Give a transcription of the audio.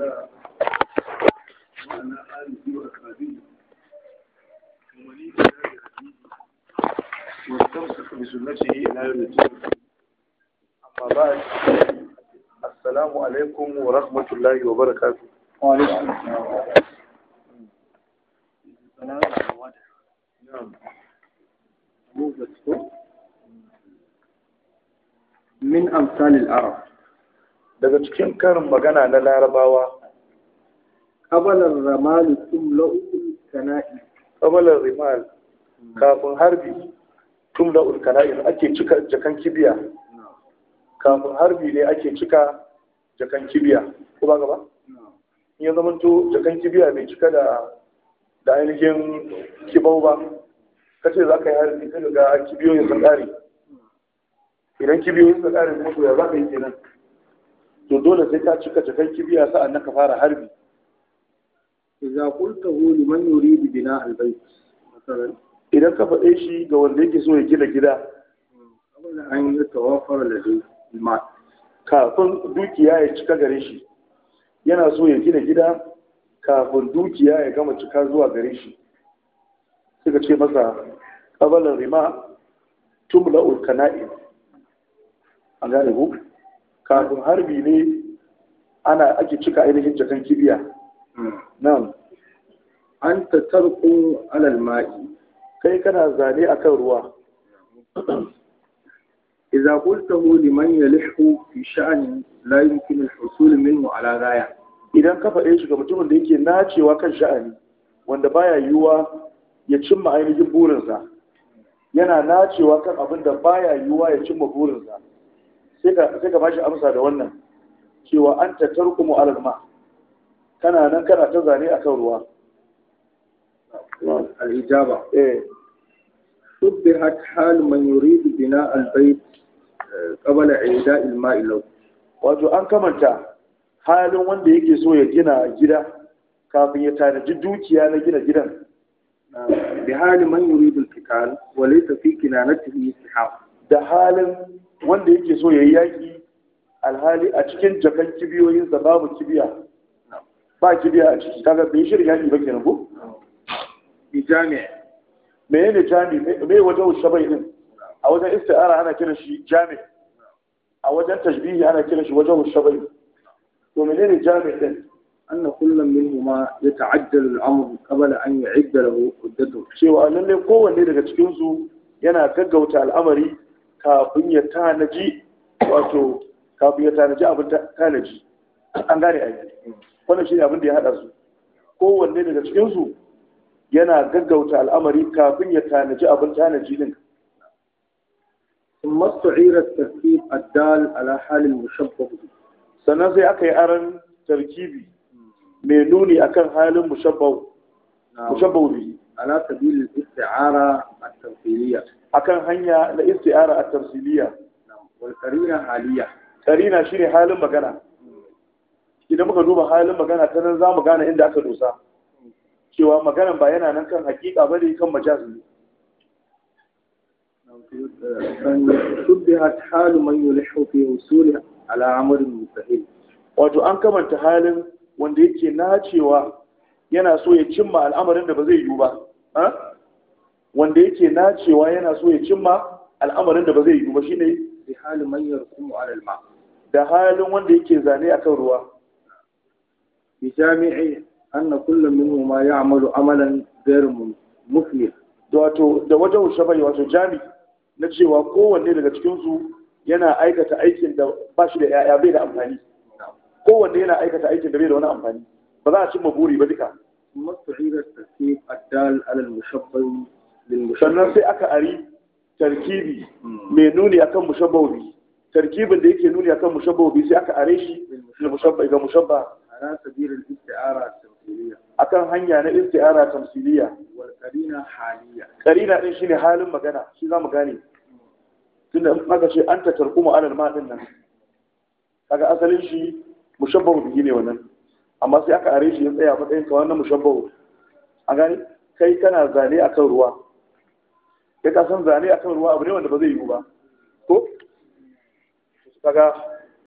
الله وعلى آله وأصحابه ومن اهتدى واستمسك بسنته إلى يوم الدين أما بعد السلام عليكم ورحمة الله وبركاته وعليكم السلام نعم من أمثال العرب daga cikin karin magana na larabawa kabalar tun tumla'ul kana'i kabalar rimal kafin harbi tumla'ul kana'i ake cika jakan kibiya kafin harbi ne ake cika jakan kibiya ko ba gaba ya zama to jakan kibiya mai cika da da ainihin kibau ba kace za ka yi harbi sai ga kibiyoyin sun kare idan kibiyoyin sun kare kuma to ya za ka yi kenan to dole sai ka cika cikin kibiya sa'an nan ka fara harbi idza qultahu liman yuridu bina albayt masalan idan ka faɗe shi ga wanda yake so ya gina gida an yi tawafar ladai ma kafin dukiya ya cika gare shi yana so ya gina gida kafin dukiya ya gama cika zuwa gare shi suka ce masa ƙabalar rima tumla ulkana'i an gane ku kafin harbi ne ana ake cika ainihin jakan kibiya hmm. nan an ta tarko alal ma'i kai kana zane kan ruwa liman ya lishu fi في layin kinin hasul min mu على غاية idan ka faɗe shi ga mutumin da yake nacewa kan sha'ani wanda baya yiwuwa ya cimma ainihin burinsa yana nacewa kan abin da baya yiwuwa ya cimma burinsa sai ka ba shi amsa da wannan cewa an tattar kuma alama kana nan kana ta zane a kan ruwa al'ijaba ijaba eh. bi subbihat hal man yuridu bina al-bayt eh, qabla i'da' al-ma'i law wato an kamanta halin wanda yake so ya gina gida kafin ya tanaji dukiya na gina gidan bi halin man yuridu al-qital wa laysa fi kinanatihi istihab da halin wanda yake so ya yi yaƙi alhali a cikin jakan kibiyoyinsa babu kibiya ba kibiya a ciki kaga bai shirin yaƙi ba kenan ko jami'a me ne Jami? me wajen bai din a wajen isti'ara ana kiran shi Jami. a wajen tashbihi ana kiran shi wajen bai. to ne menene jami'a din أن كل منهما يتعجل الأمر قبل أن يعد له قدته. شيء وأنا لي قوة لي لك تكنزو ينا كجوت الأمر kafin ya tanaji wato kafin ya tanaji abin tanaji an gane aiki wannan shi ne abin da ya haɗa su kowanne daga cikinsu yana gaggauta al'amari kafin ya tanaji abin tanaji din ثم استعير التركيب الدال على حال المشبه sannan sai aka yi aron tarkibi mai nuni akan halin mushabbau mushabbau bi ala sabilil isti'ara at-tamthiliyya akan hanya na isti'ara at-tamthiliyya wal qarina haliyya qarina shine halin magana idan muka duba halin magana ta nan zamu gane inda aka dosa cewa maganan ba yana nan kan hakika bane kan majaz ne eh, shubbihat halu man yulihu fi wusuli ala amrin mustahil wato an kamanta halin wanda yake nacewa yana so ya cimma al'amarin da ba zai yiwu ba wanda yake cewa yana so ya cimma al'amarin da ba zai yi ba shine bi halin man kuma alal ma da halin wanda yake zane akan ruwa bi jami'i anna kullum minhum ma ya'malu amalan ghayr muflih wato da wajen shafai wato jami na cewa kowanne daga cikin su yana aikata aikin da ba shi da ya'ya bai da amfani kowanne yana aikata aikin da bai da wani amfani ba za a cimma buri ba duka ثم استعيد التركيب الدال على المشبه sannan sai aka ari tarkibi mai nuni akan mushabbawi tarkibin da yake nuni akan mushabbawi sai aka are shi da mushabba ga mushabba ala sabirin isti'ara tamsiliya akan hanya na isti'ara tamsiliya wal qarina haliya qarina din shine halin magana shi mu gane tunda in aka ce ta tarkumu alal ma din nan kaga asalin shi mushabbawi ne wannan amma sai aka are shi ya tsaya matsayin kawai na mushabbahu an gani kai kana zane a kan ruwa Kai ka san zane a kan ruwa abu ne wanda ba zai yiwu ba ko kaga